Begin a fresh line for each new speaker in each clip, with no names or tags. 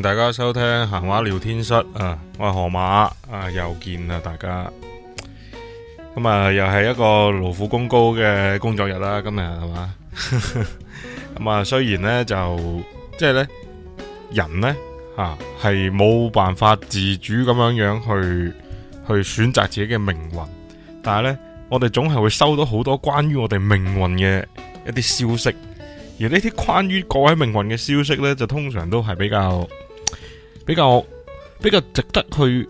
大家收聽閒話聊天室啊，我係河馬啊，又見啦，大家咁啊，又係一個勞苦功高嘅工作日啦，今日係嘛？咁啊，雖然呢，就即係、就是、呢人呢，吓係冇辦法自主咁樣樣去去選擇自己嘅命運，但係呢，我哋總係會收到好多關於我哋命運嘅一啲消息，而呢啲關於各位命運嘅消息呢，就通常都係比較。比較比較值得去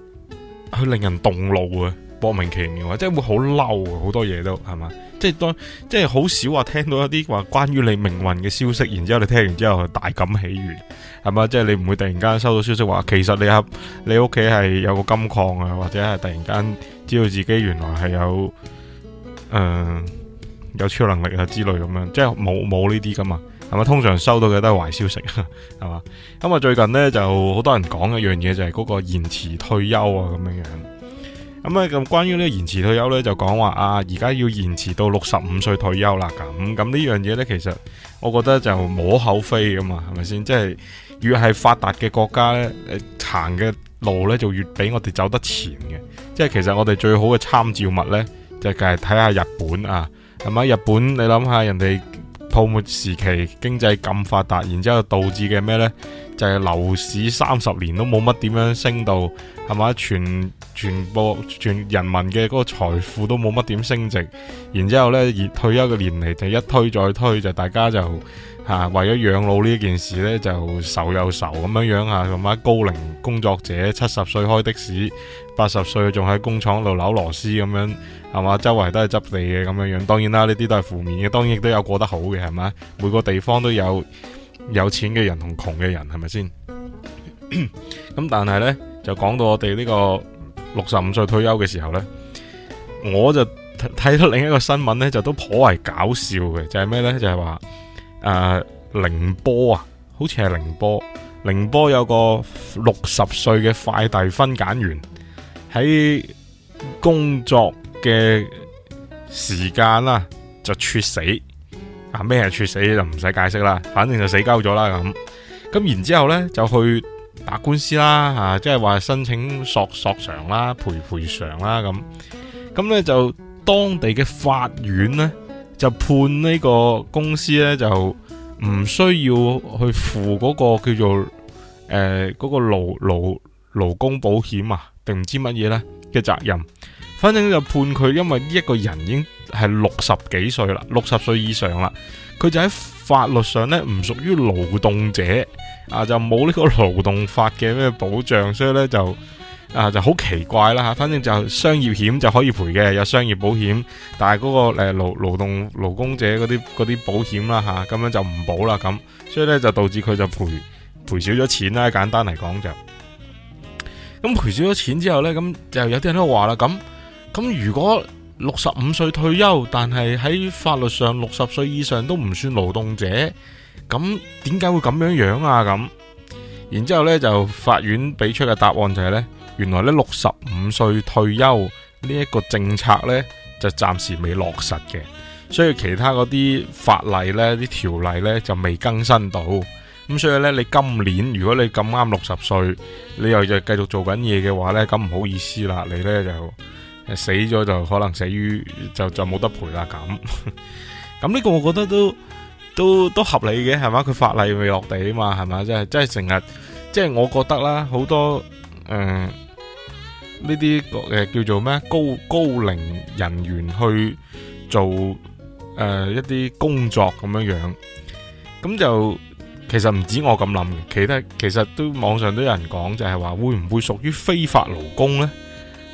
去令人動怒啊，莫名其妙即係會好嬲，啊，好多嘢都係嘛，即係當即係好少話聽到一啲話關於你命運嘅消息，然之後你聽完之後大感喜悅，係嘛？即係你唔會突然間收到消息話，其實你阿你屋企係有個金礦啊，或者係突然間知道自己原來係有誒、呃、有超能力啊之類咁樣，即係冇冇呢啲㗎嘛？係嘛？通常收到嘅都係壞消息，係嘛？咁啊，最近呢就好多人講一樣嘢，就係嗰個延遲退休啊，咁樣樣。咁啊，咁關於呢個延遲退休呢，就講話啊，而家要延遲到六十五歲退休啦。咁咁呢樣嘢呢，其實我覺得就無可厚非㗎嘛，係咪先？即係越係發達嘅國家呢，行嘅路呢就越俾我哋走得前嘅。即係其實我哋最好嘅參照物呢，就係睇下日本啊。係咪日本？你諗下人哋。泡沫時期經濟咁發達，然之後導致嘅咩呢？就係、是、樓市三十年都冇乜點樣升到。係嘛，全全播全人民嘅嗰個財富都冇乜點升值，然之後呢，而退休嘅年齡就一推再推，就大家就嚇、啊、為咗養老呢件事呢，就愁又愁咁樣樣嚇，同、啊、埋高齡工作者七十歲開的士，八十歲仲喺工廠度扭螺絲咁樣，係、啊、嘛？周圍都係執地嘅咁樣樣。當然啦，呢啲都係負面嘅，當然亦都有過得好嘅，係咪？每個地方都有有錢嘅人同窮嘅人，係咪先？咁 但係呢。就講到我哋呢個六十五歲退休嘅時候呢，我就睇睇到另一個新聞呢，就都頗為搞笑嘅，就係咩呢？就係話誒，寧波啊，好似係寧波，寧波有個六十歲嘅快遞分揀員喺工作嘅時間啦，就猝死啊！咩係猝死就唔使解釋啦，反正就死鳩咗啦咁。咁然之後咧就去。打官司啦，吓，即係話申請索索償啦，賠賠償啦咁，咁呢就當地嘅法院呢，就判呢個公司呢，就唔需要去付嗰個叫做誒嗰、呃嗰個勞勞勞工保險啊定唔知乜嘢呢嘅責任，反正就判佢因為呢一個人已經係六十幾歲啦，六十歲以上啦，佢就喺法律上呢，唔屬於勞動者。啊，就冇呢個勞動法嘅咩保障，所以呢就啊就好奇怪啦吓。反正就商業險就可以賠嘅，有商業保險，但係嗰個誒勞勞動勞工者嗰啲啲保險啦吓，啊，咁樣就唔保啦咁。所以呢，就導致佢就賠賠少咗錢啦，簡單嚟講就。咁賠少咗錢之後呢，咁就有啲人都話啦，咁咁如果六十五歲退休，但係喺法律上六十歲以上都唔算勞動者。咁點解會咁樣樣啊？咁，然之後咧就法院俾出嘅答案就係呢：原來呢，六十五歲退休呢一個政策呢，就暫時未落實嘅，所以其他嗰啲法例呢、啲條例呢，就未更新到，咁所以呢，你今年如果你咁啱六十歲，你又又繼續做緊嘢嘅話呢，咁唔好意思啦，你呢，就死咗就可能死於就就冇得賠啦咁。咁呢 個我覺得都。都都合理嘅，係嘛，佢法例未落地啊嘛，係嘛，即係即係成日，即係我覺得啦，好多誒呢啲誒叫做咩高高齡人員去做誒一啲工作咁樣樣，咁就其實唔止我咁諗嘅，其他其實都網上都有人講，就係話會唔會屬於非法勞工呢？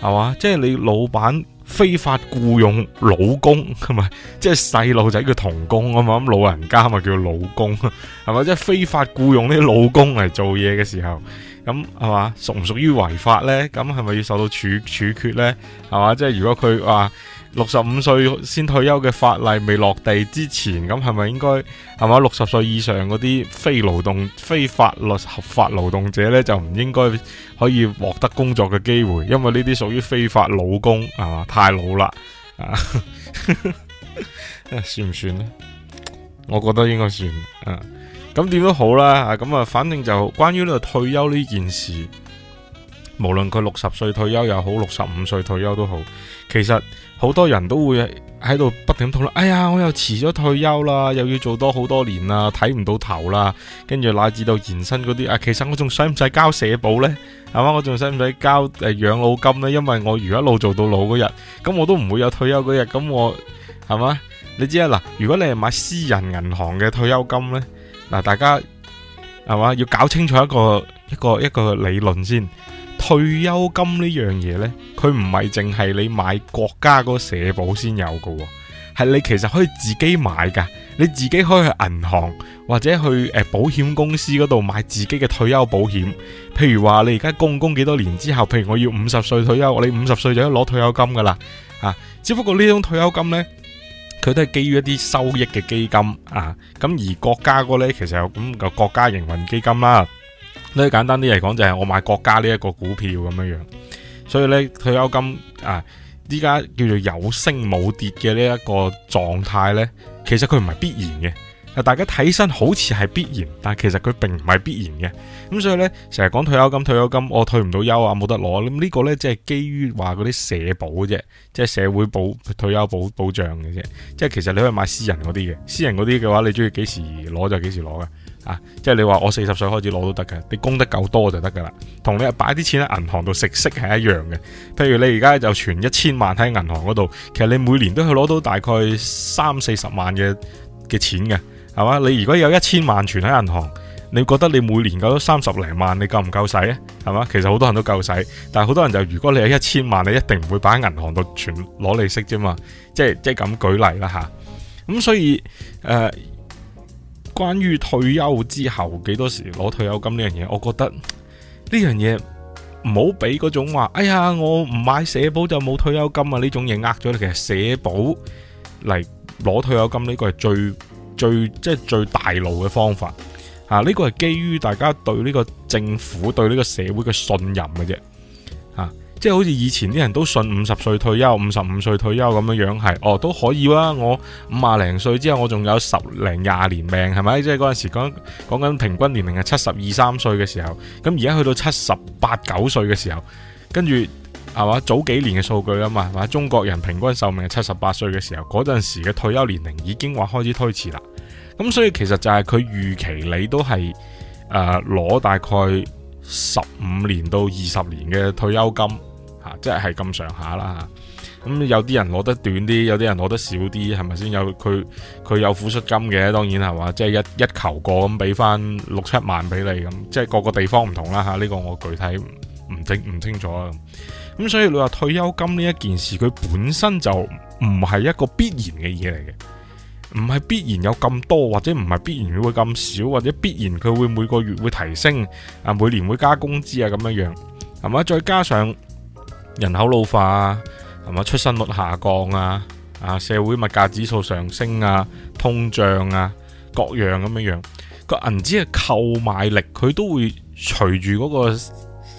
係嘛，即係你老闆。非法雇用老工，係咪即係細路仔叫童工啊嘛，咁老人家咪叫老工，係咪即係非法雇用啲老工嚟做嘢嘅時候，咁係嘛，屬唔屬於違法咧？咁係咪要受到處處決咧？係嘛，即係如果佢話。啊六十五歲先退休嘅法例未落地之前，咁係咪應該係咪六十歲以上嗰啲非勞動、非法律合法勞動者呢，就唔應該可以獲得工作嘅機會，因為呢啲屬於非法老工，係嘛？太老啦，啊， 算唔算咧？我覺得應該算啊。咁點都好啦，啊，咁啊，反正就關於呢個退休呢件事。無論佢六十歲退休又好，六十五歲退休都好，其實好多人都會喺度不停討論。哎呀，我又遲咗退休啦，又要做多好多年啦，睇唔到頭啦。跟住乃至到延伸嗰啲啊，其實我仲使唔使交社保呢？係嘛，我仲使唔使交誒養老金呢？因為我如果一路做到老嗰日，咁我都唔會有退休嗰日，咁我係嘛？你知啦，嗱，如果你係買私人銀行嘅退休金呢，嗱，大家係嘛，要搞清楚一個一個一個理論先。退休金呢樣嘢呢，佢唔係淨係你買國家嗰個社保先有噶，係你其實可以自己買噶，你自己可以去銀行或者去誒、呃、保險公司嗰度買自己嘅退休保險。譬如話你而家供供幾多年之後，譬如我要五十歲退休，你五十歲就可以攞退休金噶啦、啊，只不過呢種退休金呢，佢都係基於一啲收益嘅基金啊，咁而國家嗰呢，其實有咁個、嗯、國家營運基金啦。呢簡單啲嚟講就係、是，我買國家呢一個股票咁樣樣，所以呢，退休金啊依家叫做有升冇跌嘅呢一個狀態呢，其實佢唔係必然嘅。大家睇起身好似係必然，但其實佢並唔係必然嘅。咁所以呢，成日講退休金，退休金我，哦，退唔到休啊，冇得攞。咁呢個呢，即係基於話嗰啲社保啫，即係社會保退休保保障嘅啫。即係其實你可以買私人嗰啲嘅，私人嗰啲嘅話你中意幾時攞就幾時攞嘅。啊，即係你話我四十歲開始攞都得嘅，你供得夠多就得噶啦，同你擺啲錢喺銀行度食息係一樣嘅。譬如你而家就存一千萬喺銀行嗰度，其實你每年都去攞到大概三四十萬嘅嘅錢嘅，係嘛？你如果有一千萬存喺銀行，你覺得你每年攞到三十零萬，你夠唔夠使呢？係嘛？其實好多人都夠使，但係好多人就如果你有一千萬，你一定唔會擺喺銀行度存攞利息啫嘛。即係即係咁舉例啦吓，咁、啊、所以誒。呃關於退休之後幾多時攞退休金呢樣嘢，我覺得呢樣嘢唔好俾嗰種話，哎呀，我唔買社保就冇退休金啊！呢種嘢呃咗你。其實社保嚟攞退休金呢個係最最即係、就是、最大路嘅方法啊！呢個係基於大家對呢個政府對呢個社會嘅信任嘅啫。即係好似以前啲人都信五十歲退休，五十五歲退休咁樣樣係，哦，都可以啦。我五啊零歲之後，我仲有十零廿年命係咪？即係嗰陣時講講緊平均年齡係七十二三歲嘅時候，咁而家去到七十八九歲嘅時候，跟住係嘛？早幾年嘅數據啊嘛，係嘛？中國人平均壽命係七十八歲嘅時候，嗰陣時嘅退休年齡已經話開始推遲啦。咁所以其實就係佢預期你都係誒攞大概。十五年到二十年嘅退休金吓，啊，即係咁上下啦。咁，啊、有啲人攞得短啲，有啲人攞得少啲，係咪先？有佢佢有撫恤金嘅？當然係話，即係一一求過咁，俾翻六七萬俾你咁，啊，即係各個地方唔同啦吓。呢，啊這個我具體唔清唔清楚啊。咁所以你話退休金呢一件事，佢本身就唔係一個必然嘅嘢嚟嘅。唔係必然有咁多，或者唔係必然會咁少，或者必然佢會每個月會提升，啊每年會加工資啊咁樣樣，係嘛？再加上人口老化啊，係嘛？出生率下降啊，啊社會物價指數上升啊，通脹啊各樣咁樣樣，個銀紙嘅購買力佢都會隨住嗰個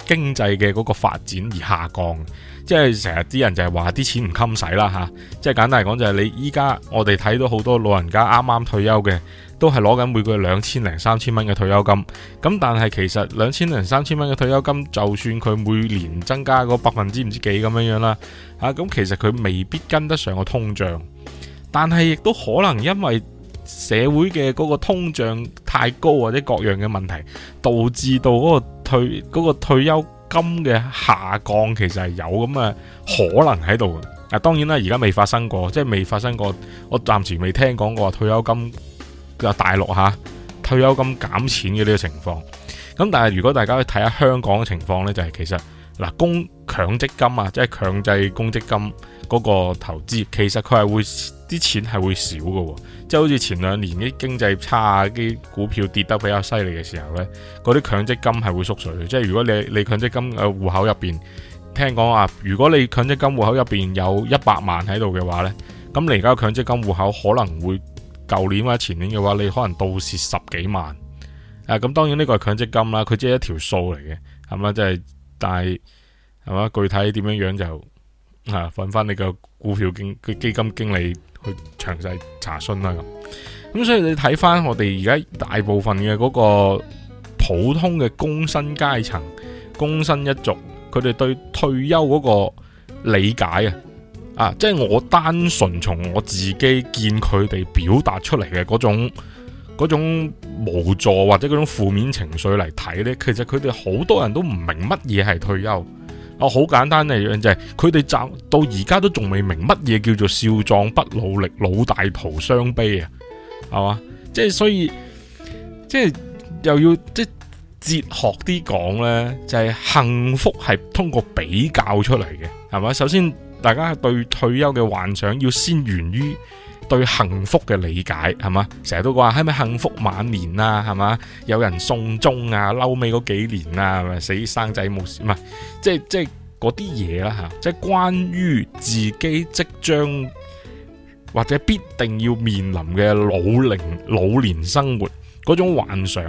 經濟嘅嗰個發展而下降。即係成日啲人就係話啲錢唔襟使啦嚇，即、啊、係簡單嚟講就係你依家我哋睇到好多老人家啱啱退休嘅，都係攞緊每個月兩千零三千蚊嘅退休金。咁但係其實兩千零三千蚊嘅退休金，就算佢每年增加個百分之唔知幾咁樣樣啦，啊咁、啊、其實佢未必跟得上個通脹。但係亦都可能因為社會嘅嗰個通脹太高或者各樣嘅問題，導致到嗰個退嗰、嗰個退休金嘅下降其實係有咁嘅可能喺度，啊當然啦，而家未發生過，即係未發生過，我暫時未聽講過退休金大陸吓、啊、退休金減錢嘅呢個情況，咁但係如果大家去睇下香港嘅情況呢，就係、是、其實。嗱，公強積金啊，即係強制公積金嗰個投資，其實佢係會啲錢係會少嘅，啊，即係好似前兩年啲經濟差啊，啲股票跌得比較犀利嘅時候呢，嗰啲強積金係會縮水嘅。即係如果你你強積金嘅戶口入邊，聽講啊，如果你強積金戶口入邊有一百萬喺度嘅話呢，咁你而家強積金戶口可能會舊年或者前年嘅話，你可能倒蝕十幾萬。誒、啊，咁當然呢個係強積金啦，啊，佢只係一條數嚟嘅，咁啊即係。就是但係，係嘛？具體點樣樣就吓，揾、啊、翻你個股票經基金經理去詳細查詢啦。咁，咁所以你睇翻我哋而家大部分嘅嗰個普通嘅工薪階層、工薪一族，佢哋對退休嗰個理解啊，啊，即係我單純從我自己見佢哋表達出嚟嘅嗰種。嗰種無助或者嗰種負面情緒嚟睇呢，其實佢哋好多人都唔明乜嘢係退休。啊，好簡單嚟講就係，佢哋就到而家都仲未明乜嘢叫做少壯不努力，老大徒傷悲啊，係嘛？即係所以，即係又要即哲學啲講呢，就係幸福係通過比較出嚟嘅，係嘛？首先，大家對退休嘅幻想要先源於。對幸福嘅理解，係嘛？成日都話係咪幸福晚年啦，啊，係嘛，有人送終啊，嬲尾嗰幾年啊，咪死生仔冇事，唔係即係即係嗰啲嘢啦吓，即係、啊、關於自己即將或者必定要面臨嘅老齡老年生活嗰種幻想。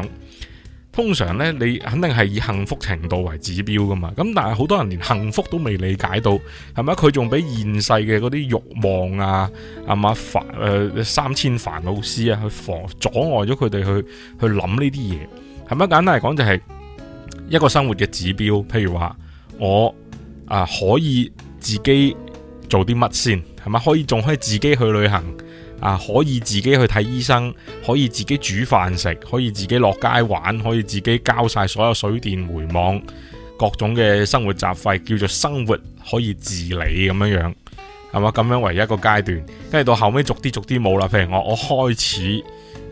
通常咧，你肯定係以幸福程度為指標噶嘛。咁但係好多人連幸福都未理解到，係咪？佢仲俾現世嘅嗰啲欲望啊，係嘛煩誒三千煩惱絲啊，去妨阻礙咗佢哋去去諗呢啲嘢。係咪啊？簡單嚟講就係一個生活嘅指標。譬如話我啊，呃，可以自己做啲乜先？係咪？可以仲可以自己去旅行？啊！可以自己去睇醫生，可以自己煮飯食，可以自己落街玩，可以自己交晒所有水電煤網各種嘅生活雜費，叫做生活可以自理咁樣樣，係嘛？咁樣為一個階段，跟住到後尾逐啲逐啲冇啦。譬如我我開始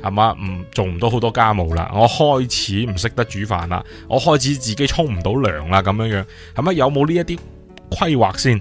係嘛唔做唔到好多家務啦，我開始唔識得煮飯啦，我開始自己沖唔到涼啦，咁樣樣係咪有冇呢一啲規劃先？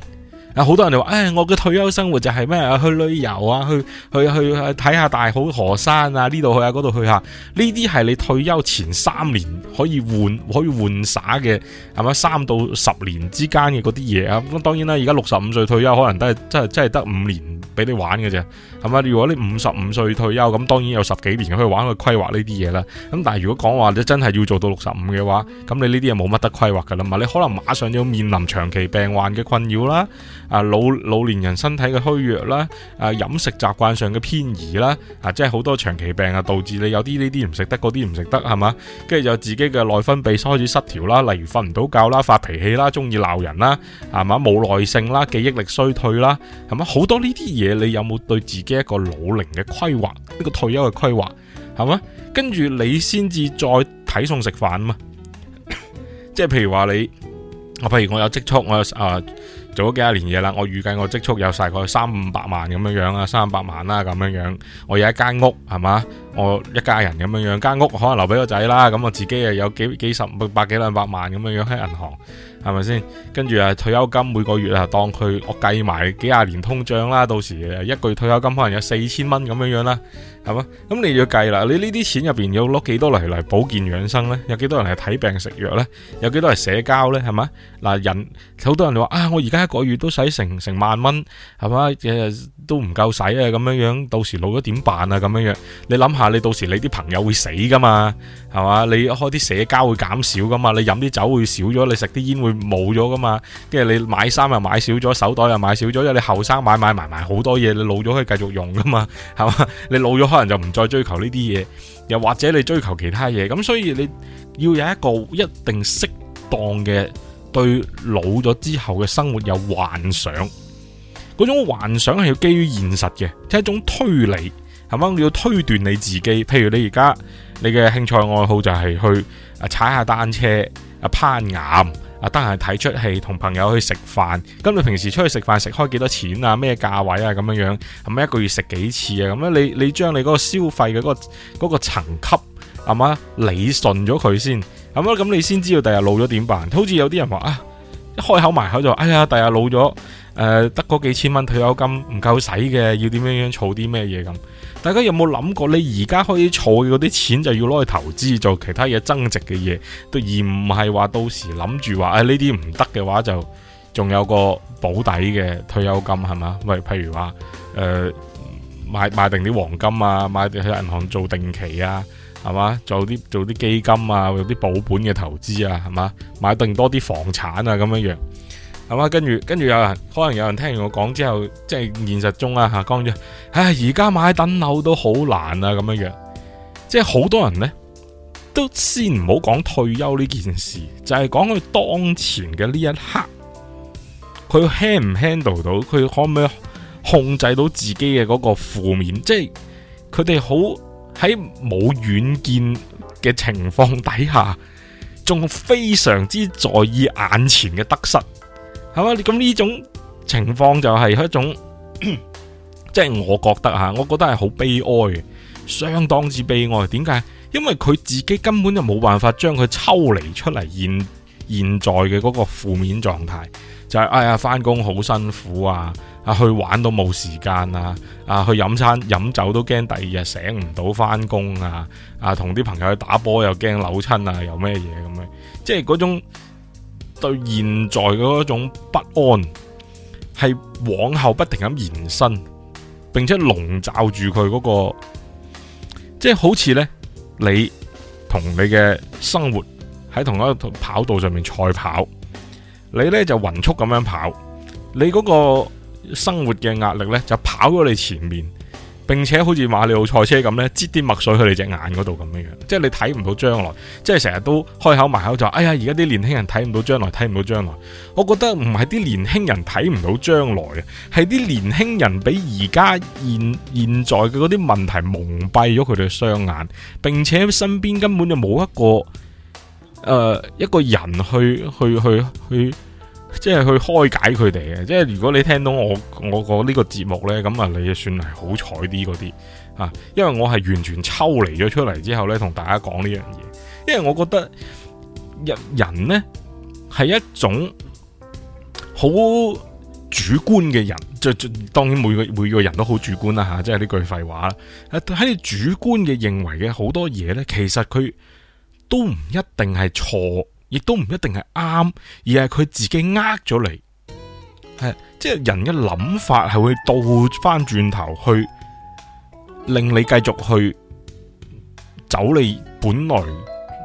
啊！好多人就話，誒，哎，我嘅退休生活就係咩啊？去旅遊啊，去去去睇下大好河山啊，呢度去啊，去下，嗰度去下。呢啲係你退休前三年可以換可以換耍嘅，係咪？三到十年之間嘅嗰啲嘢啊。咁當然啦，而家六十五歲退休，可能都係真係真係得五年俾你玩嘅啫，係咪？如果你五十五歲退休，咁當然有十幾年可以玩去規劃呢啲嘢啦。咁但係如果講話你真係要做到六十五嘅話，咁你呢啲嘢冇乜得規劃噶啦嘛？你可能馬上要面臨長期病患嘅困擾啦。啊老老年人身體嘅虛弱啦，啊飲食習慣上嘅偏移啦，啊即係好多長期病啊，導致你有啲呢啲唔食得，嗰啲唔食得，係嘛？跟住就自己嘅內分泌開始失調啦，例如瞓唔到覺啦、發脾氣啦、中意鬧人啦，係嘛？冇耐性啦、記憶力衰退啦，係嘛？好多呢啲嘢，你有冇對自己一個老齡嘅規劃？一個退休嘅規劃，係嘛？跟住你先至再睇餸食飯嘛。 即係譬如話你，我譬如我有積蓄，我有啊。呃做咗幾廿年嘢啦，我預計我積蓄有大概三五百萬咁樣樣啊，三百萬啦咁樣樣，我有一間屋係咪？我一家人咁樣樣，間屋可能留俾個仔啦，咁我自己又有幾幾十百幾兩百萬咁樣樣喺銀行。係咪先？跟住啊，退休金每個月啊，當佢我計埋幾廿年通脹啦，到時一個月退休金可能有四千蚊咁樣樣啦，係嘛？咁你要計啦，你呢啲錢入邊要攞幾多嚟嚟保健養生呢？有幾多人係睇病食藥呢？有幾多係社交呢？係咪？嗱，人好多人話啊，我而家一個月都使成成萬蚊，係嘛？誒，都唔夠使啊咁樣樣，到時老咗點辦啊咁樣樣？你諗下，你到時你啲朋友會死噶嘛？係嘛？你開啲社交會減少噶嘛？你飲啲酒會少咗，你食啲煙會。冇咗噶嘛？跟住你買衫又買少咗，手袋又買少咗，因為你後生買買埋埋好多嘢，你老咗可以繼續用噶嘛，係嘛？你老咗可能就唔再追求呢啲嘢，又或者你追求其他嘢。咁所以你要有一個一定適當嘅對老咗之後嘅生活有幻想。嗰種幻想係要基於現實嘅，即係一種推理，係嘛？你要推斷你自己，譬如你而家你嘅興趣愛好就係去啊踩下單車啊攀岩。啊，得閒睇出戲，同朋友去食飯。咁、嗯、你平時出去食飯食開幾多錢啊？咩價位啊？咁樣樣係咪一個月食幾次啊？咁咧，你你將你嗰個消費嘅嗰個嗰、嗰個層級，係嘛，理順咗佢先。咁咧，咁你先知道第日老咗點辦。好似有啲人話啊，一開口埋口就，哎呀，第日老咗。誒，得嗰、呃、幾千蚊退休金唔夠使嘅，要點樣樣儲啲咩嘢咁？大家有冇諗過？你而家可以儲嗰啲錢就要攞去投資，做其他嘢增值嘅嘢，都而唔係話到時諗住話誒呢啲唔得嘅話就仲有個保底嘅退休金係嘛？喂，譬如話誒、呃、買買定啲黃金啊，買定去銀行做定期啊，係嘛？做啲做啲基金啊，有啲保本嘅投資啊，係嘛？買定多啲房產啊，咁樣樣。係嘛、嗯？跟住跟住，有人可能有人聽完我講之後，即係現實中啊吓，講咗，唉、哎，而家買等樓都好難啊，咁樣樣，即係好多人呢，都先唔好講退休呢件事，就係講佢當前嘅呢一刻，佢 handle 唔 handle 到，佢可唔可以控制到自己嘅嗰個負面？即係佢哋好喺冇遠見嘅情況底下，仲非常之在意眼前嘅得失。係嘛？咁呢、嗯、種情況就係一種，即係我覺得吓，我覺得係好悲哀，相當之悲哀。點解？因為佢自己根本就冇辦法將佢抽離出嚟，現現在嘅嗰個負面狀態，就係、是、哎呀，翻工好辛苦啊，啊去玩都冇時間啊，啊，啊去飲餐飲酒都驚第二日醒唔到翻工啊，啊同啲朋友去打波又驚扭親啊，又咩嘢咁樣，即係嗰種。對現在嗰種不安係往後不停咁延伸，並且籠罩住佢嗰個，即係好似呢，你同你嘅生活喺同一個跑道上面賽跑，你呢就勻速咁樣跑，你嗰個生活嘅壓力呢，就跑咗你前面。並且好似馬里奧賽車咁呢，擠啲墨水去你隻眼嗰度咁樣樣，即係你睇唔到將來，即係成日都開口埋口就話，哎呀，而家啲年輕人睇唔到將來，睇唔到將來。我覺得唔係啲年輕人睇唔到將來啊，係啲年輕人俾而家現現在嘅嗰啲問題蒙蔽咗佢哋雙眼，並且身邊根本就冇一個，誒、呃、一個人去去去去。去去即係去開解佢哋嘅，即係如果你聽到我我個呢個節目呢，咁啊，你就算係好彩啲嗰啲啊，因為我係完全抽離咗出嚟之後呢，同大家講呢樣嘢，因為我覺得人，人呢咧係一種好主觀嘅人，就，就當然每個每個人都好主觀啦吓、啊，即係呢句廢話啦。喺你主觀嘅認為嘅好多嘢呢，其實佢都唔一定係錯。亦都唔一定係啱，而係佢自己呃咗你，係即係人嘅諗法係會倒翻轉頭去令你繼續去走你本來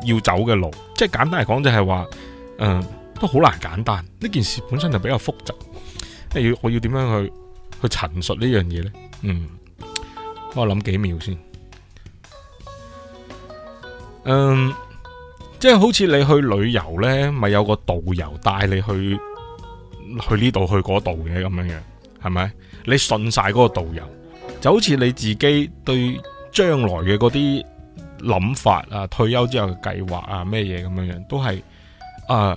要走嘅路，即係簡單嚟講就係話，嗯、呃、都好難簡單，呢件事本身就比較複雜，要我要點樣去去陳述呢樣嘢呢？嗯，我諗幾秒先。嗯、呃。即係好似你去旅遊呢，咪有個導遊帶你去去呢度去嗰度嘅咁樣樣，係咪？你信晒嗰個導遊，就好似你自己對將來嘅嗰啲諗法啊，退休之後嘅計劃啊，咩嘢咁樣樣，都係啊，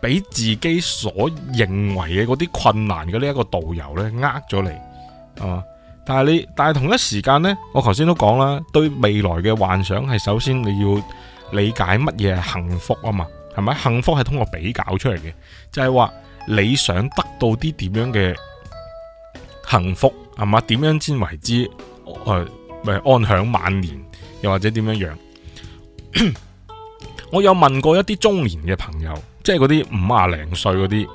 俾、呃、自己所認為嘅嗰啲困難嘅呢一個導遊呢，呃咗你啊。但係你，但係同一時間呢，我頭先都講啦，對未來嘅幻想係首先你要。理解乜嘢係幸福啊？嘛，係咪？幸福係通過比較出嚟嘅，就係話你想得到啲點樣嘅幸福，係咪？點樣先為之？誒、呃，安享晚年，又或者點樣樣？ 我有問過一啲中年嘅朋友，即係嗰啲五啊零歲嗰啲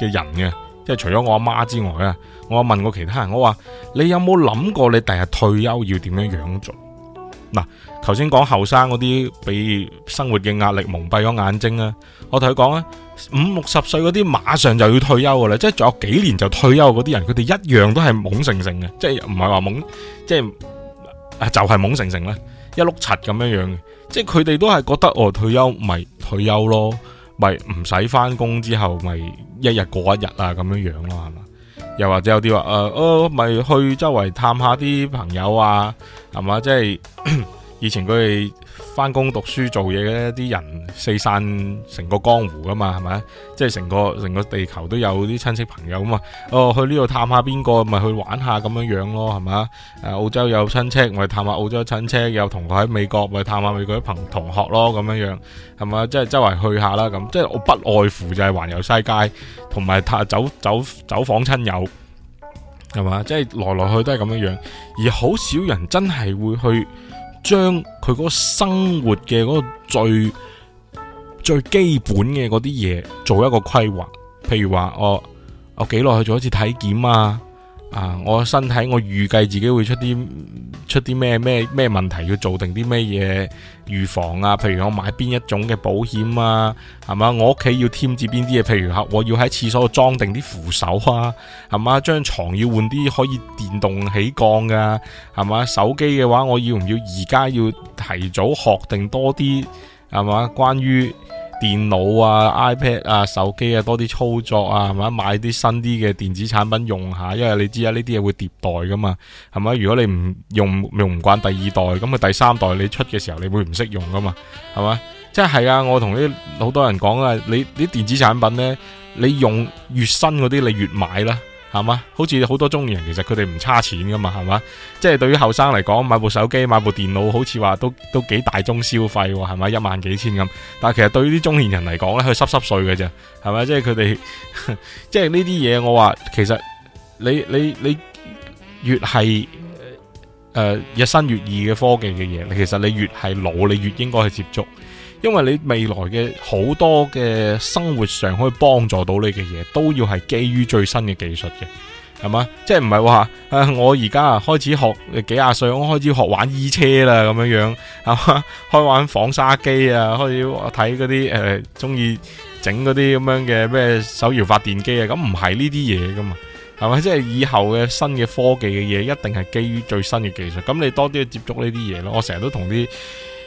嘅人嘅，即係除咗我阿媽之外啊，我問過其他人，我話，你有冇諗過你第日退休要點樣樣做？嗱，頭先講後生嗰啲俾生活嘅壓力蒙蔽咗眼睛啦，我同佢講咧，五六十歲嗰啲馬上就要退休啦，即係仲有幾年就退休嗰啲人，佢哋一樣都係懵成成嘅，即係唔係話懵，即係啊就係懵成成啦，一碌柒咁樣樣，即係佢哋都係覺得哦退休咪退休咯，咪唔使返工之後咪一日過一日啊咁樣樣咯係嘛，又或者有啲話誒哦咪去周圍探下啲朋友啊。係嘛，即係 以前佢哋翻工、讀書、做嘢嘅啲人四散成個江湖噶嘛，係咪？即係成個成個地球都有啲親戚朋友啊嘛。哦，去呢度探下邊個，咪去玩下咁樣樣咯，係嘛？誒，澳洲有親戚，咪探下澳洲親戚；有同學喺美國，咪探下美國啲朋同學咯，咁樣樣。係嘛，即係周圍去下啦。咁即係我不外乎就係環遊世界，同埋踏走走走訪親友。係嘛，即係來來去都係咁樣樣，而好少人真係會去將佢嗰個生活嘅嗰個最最基本嘅嗰啲嘢做一個規劃，譬如話我我幾耐去做一次體檢啊。啊！我身體我預計自己會出啲出啲咩咩咩問題，要做定啲咩嘢預防啊？譬如我買邊一種嘅保險啊，係嘛？我屋企要添置邊啲嘢？譬如吓，我要喺廁所度裝定啲扶手啊，係嘛？張床要換啲可以電動起降嘅，啊，係嘛？手機嘅話，我要唔要而家要提早學定多啲，係嘛？關於。電腦啊、iPad 啊、手機啊，多啲操作啊，係嘛？買啲新啲嘅電子產品用下，因為你知啊，呢啲嘢會迭代噶嘛，係嘛？如果你唔用用唔慣第二代，咁佢第三代你出嘅時候，你會會你，你會唔識用噶嘛，係咪？即係啊，我同啲好多人講啊，你啲電子產品呢，你用越新嗰啲，你越買啦。係嘛？好似好多中年人，其實佢哋唔差錢噶嘛，係嘛？即係對於後生嚟講，買部手機、買部電腦，好似話都都幾大宗消費，係咪一萬幾千咁？但係其實對於啲中年人嚟講咧，佢濕濕碎嘅啫，係咪？即係佢哋， 即係呢啲嘢，我話其實你你你，你越係誒日新月異嘅科技嘅嘢，其實你越係老，你越應該去接觸。因為你未來嘅好多嘅生活上可以幫助到你嘅嘢，都要係基於最新嘅技術嘅，係嘛？即係唔係話啊？我而家啊開始學幾廿歲，我開始學玩衣車啦，咁樣樣係嘛？開玩紡紗機啊，開始睇嗰啲誒，中意整嗰啲咁樣嘅咩手搖發電機啊？咁唔係呢啲嘢噶嘛，係咪？即係以後嘅新嘅科技嘅嘢，一定係基於最新嘅技術。咁你多啲去接觸呢啲嘢咯。我成日都同啲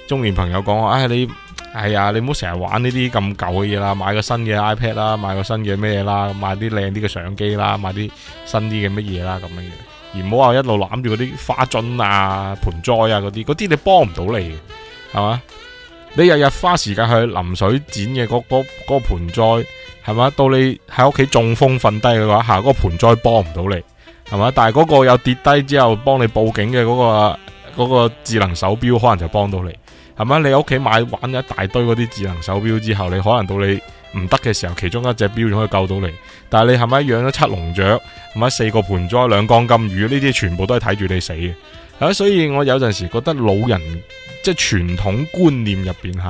中年朋友講啊，哎，你。係啊、哎，你唔好成日玩呢啲咁舊嘅嘢啦，買個新嘅 iPad 啦，買個新嘅咩嘢啦，買啲靚啲嘅相機啦，買啲新啲嘅乜嘢啦，咁嘅嘢，而唔好話一路攬住嗰啲花樽啊、盆栽啊嗰啲，嗰啲你幫唔到你，係嘛？你日日花時間去淋水剪嘅嗰、嗰嗰個盆栽，係嘛？到你喺屋企中風瞓低嘅話，吓、嗰、嗰個盆栽幫唔到你，係嘛？但係嗰個有跌低之後幫你報警嘅嗰、嗰個、嗰個智能手錶，可能就幫到你。係咪？你屋企買玩咗一大堆嗰啲智能手表之後，你可能到你唔得嘅時候，其中一隻表可以救到你。但係你係咪養咗七龍雀，係咪四個盆栽、兩缸金魚？呢啲全部都係睇住你死嘅。係咯，所以我有陣時覺得老人即係傳統觀念入邊吓，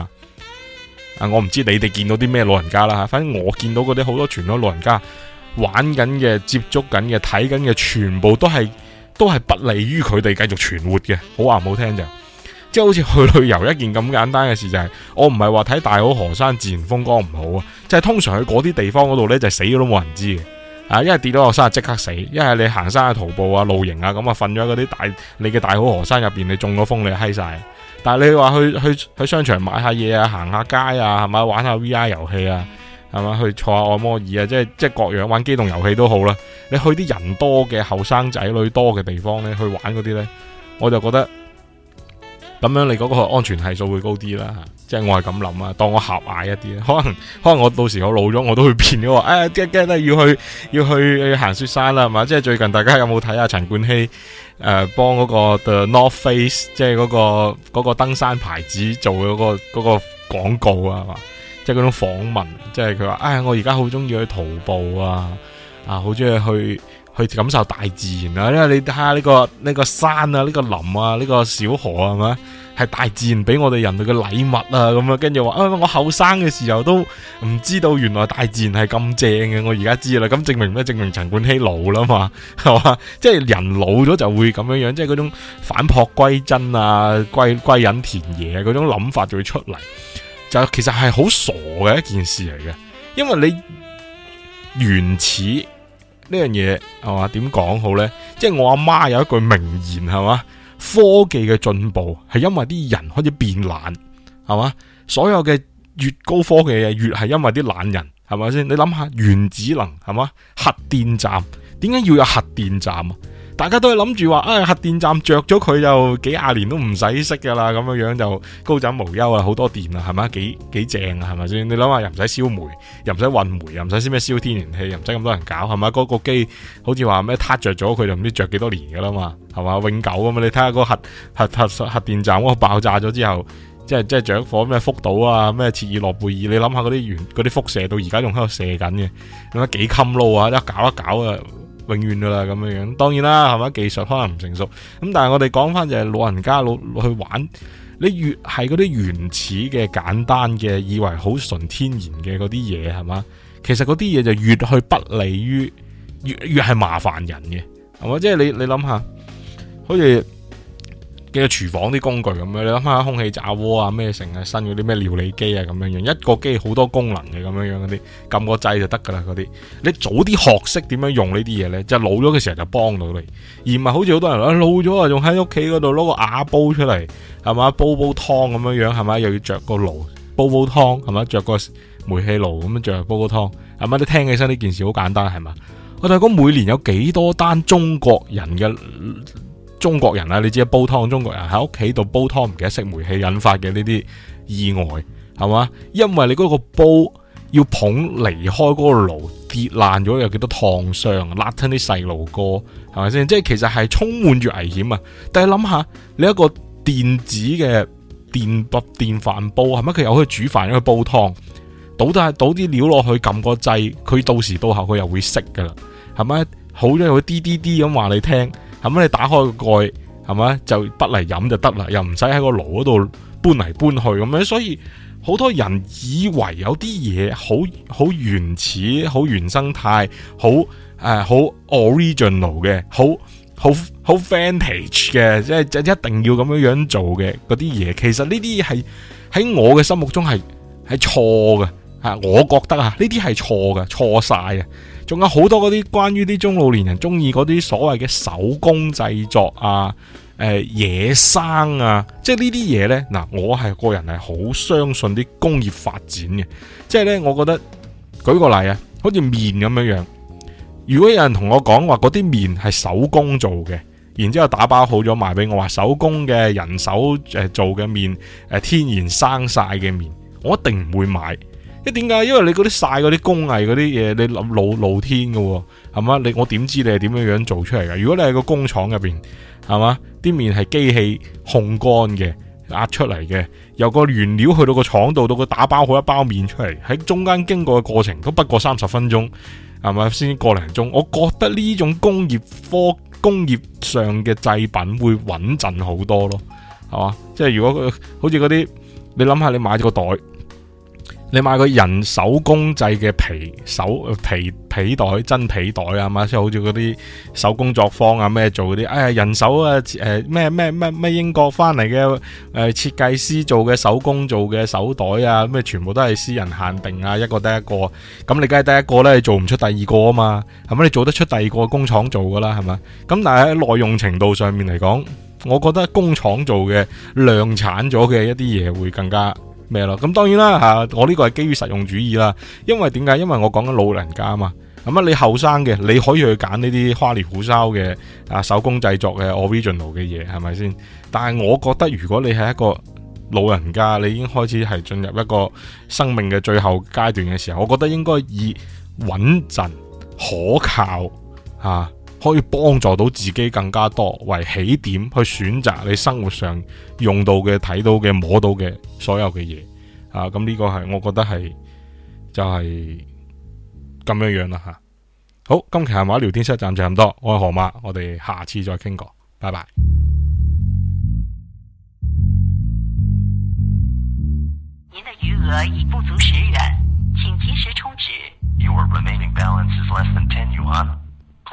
啊，我唔知你哋見到啲咩老人家啦、啊、吓。反正我見到嗰啲好多傳統老人家玩緊嘅、接觸緊嘅、睇緊嘅，全部都係都係不利於佢哋繼續存活嘅。好話唔好聽就。The 即係好似去旅遊一件咁簡單嘅事，就係我唔係話睇大好河山自然風光唔好啊，就係、是、通常去嗰啲地方嗰度呢，就是、死咗都冇人知嘅啊！一係跌咗落山即刻死，一係你行山啊徒步啊露營啊咁啊，瞓咗嗰啲大你嘅大好河山入邊，你中咗風你閪晒。但係你話去去去，去商場買下嘢啊，行下街啊，係咪玩下 VR 遊戲啊，係咪去坐下按摩椅啊，即係即係各樣玩機動遊戲都好啦。你去啲人多嘅後生仔女多嘅地方呢，去玩嗰啲呢，我就覺得。咁樣你嗰個安全系數會高啲啦，即係我係咁諗啊，當我狹隘一啲，可能可能我到時我老咗我都會變咗，啊，驚驚啦，要去要去去行雪山啦，係嘛，即係最近大家有冇睇啊？陳冠希誒幫嗰個 The North Face，即係嗰個嗰個登山牌子做嗰個嗰個廣告啊，即係嗰種訪問，即係佢話啊，我而家好中意去徒步啊，啊，好中意去。去感受大自然啊，因為你睇下呢個呢個山啊，呢個林啊，呢個小河啊，係咪？係大自然俾我哋人類嘅禮物啊，咁啊，跟住話，我後生嘅時候都唔知道原來大自然係咁正嘅，我而家知啦。咁證明咩？證明陳冠希老啦嘛，係嘛？即係人老咗就會咁樣樣，即係嗰種反璞歸真啊，歸歸隱田野嗰種諗法就會出嚟。就其實係好傻嘅一件事嚟嘅，因為你原始。呢樣嘢，係嘛？點講好呢？即係我阿媽，媽有一句名言係嘛？科技嘅進步係因為啲人開始變懶，係嘛？所有嘅越高科技嘅越係因為啲懶人係咪先？你諗下原子能係嘛？核電站，點解要有核電站啊？大家都係諗住話，啊、哎，核電站着咗佢就幾廿年都唔使熄噶啦，咁樣樣就高枕無憂啊。好多電啊，係咪？幾幾正啊，係咪先？你諗下又唔使燒煤，又唔使運煤，又唔使先咩燒天然氣，又唔使咁多人搞，係咪？嗰、嗰個機好似話咩，撻着咗佢就唔知着幾多年噶啦嘛，係嘛？永久啊嘛。你睇下嗰個核核核核電站嗰個爆炸咗之後，即係即係著火咩福島啊咩切爾諾貝爾，你諗下嗰啲原啲輻射到而家仲喺度射緊嘅，咁啊幾襟撈啊！一搞一搞啊！永遠噶啦咁樣樣，當然啦，係咪？技術可能唔成熟，咁但係我哋講翻就係老人家老,老去玩，你越係嗰啲原始嘅簡單嘅，以為好純天然嘅嗰啲嘢，係嘛，其實嗰啲嘢就越去不利於，越越係麻煩人嘅，係嘛，即係你你諗下，好似。嘅廚房啲工具咁樣，你諗下空氣炸鍋啊，咩成啊，新嗰啲咩料理機啊，咁樣樣一個機好多功能嘅，咁樣樣嗰啲撳個掣就得噶啦嗰啲。你早啲學識點樣用呢啲嘢咧，就老咗嘅時候就幫到你，而唔係好似好多人話老咗啊，仲喺屋企嗰度攞個瓦煲出嚟，係嘛，煲煲湯咁樣樣，係咪？又要着個爐煲煲湯，係咪？着個煤氣爐咁樣着煲煲湯，係咪？你聽起身呢件事好簡單係嘛。我哋講每年有幾多單中國人嘅。中國人啦，你知啦，煲湯中國人喺屋企度煲湯，唔記得熄煤氣引發嘅呢啲意外，係嘛？因為你嗰個煲要捧離開嗰個爐跌爛咗，有幾多燙傷，辣親啲細路哥，係咪先？即係其實係充滿住危險啊！但係諗下你一個電子嘅電電飯煲，係咪佢又可以煮飯又可以煲湯，倒低倒啲料落去撳個掣，佢到時到候佢又會熄噶啦，係咪好咗？又會滴滴滴咁話你聽。咁你打開個蓋，係咪就不嚟飲就得啦？又唔使喺個爐嗰度搬嚟搬去咁樣，所以好多人以為有啲嘢好好原始、好原生態、好誒好 original 嘅、好好好 vintage 嘅，即係即係一定要咁樣樣做嘅嗰啲嘢。其實呢啲係喺我嘅心目中係係錯嘅嚇，我覺得啊，呢啲係錯嘅，錯曬啊！仲有好多嗰啲關於啲中老年人中意嗰啲所謂嘅手工製作啊，誒、呃，野生啊，即係呢啲嘢呢。嗱，我係個人係好相信啲工業發展嘅，即係呢，我覺得舉個例啊，好似麵咁樣樣。如果有人同我講話嗰啲麵係手工做嘅，然之後打包好咗賣俾我，話手工嘅人手誒做嘅麵，誒天然生曬嘅麵，我一定唔會買。一點解？因為你嗰啲晒嗰啲工藝嗰啲嘢，你諗露露天嘅喎，係嘛？你我點知你係點樣樣做出嚟嘅？如果你喺個工廠入邊，係嘛？啲麵係機器烘乾嘅，壓出嚟嘅，由個原料去到個廠度，到佢打包好一包麵出嚟，喺中間經過嘅過程都不過三十分鐘，係咪？先個零鐘。我覺得呢種工業科工業上嘅製品會穩陣好多咯，係嘛？即係如果好似嗰啲，你諗下，你買咗個袋。你買個人手工製嘅皮手皮皮袋、真皮袋啊嘛？即係好似嗰啲手工作坊啊，咩做嗰啲？哎呀，人手啊，誒咩咩咩咩，英國翻嚟嘅誒設計師做嘅手工做嘅手袋啊，咩全部都係私人限定啊，一個得一個。咁你梗係得一個咧，你做唔出第二個啊嘛，係咪？你做得出第二個，工廠做噶啦，係咪？咁但係喺耐用程度上面嚟講，我覺得工廠做嘅量產咗嘅一啲嘢會更加。咩咯？咁、嗯、當然啦嚇、啊，我呢個係基於實用主義啦。因為點解？因為我講緊老人家嘛。咁、嗯、啊，你後生嘅你可以去揀呢啲花裡胡哨嘅啊手工製作嘅 original 嘅嘢，係咪先？但係我覺得如果你係一個老人家，你已經開始係進入一個生命嘅最後階段嘅時候，我覺得應該以穩陣、可靠嚇。啊可以幫助到自己更加多為起點去選擇你生活上用到嘅、睇到嘅、摸到嘅所有嘅嘢啊！咁、嗯、呢、這個係我覺得係就係、是、咁樣樣啦吓。好，今期閒話聊天室，暫時就咁多。我係河馬，我哋下次再傾過，拜拜。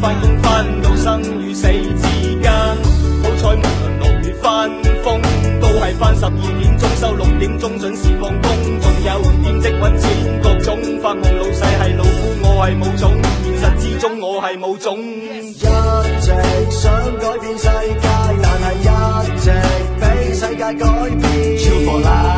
翻工翻到生與死之間， 好彩無論落雨翻風，都係翻十二點鐘收，六點鐘準時放工，仲有兼職揾錢，各種發夢，老細係老虎，我係無種，現實之中我係無種，一直想改變世界，但係一直俾世界改變。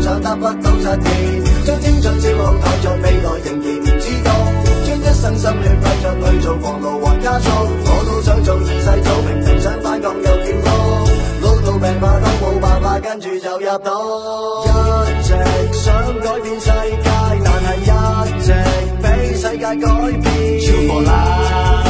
想得不到實現，將青春消耗殆盡，未來，仍然唔知道。將一生心血擺出去做房奴和家畜，我都想做二世祖，明明想反抗，又跳樓，老到病發都冇辦法，跟住就入土。一直想改變世界，但係一直俾世界改變。超級辣！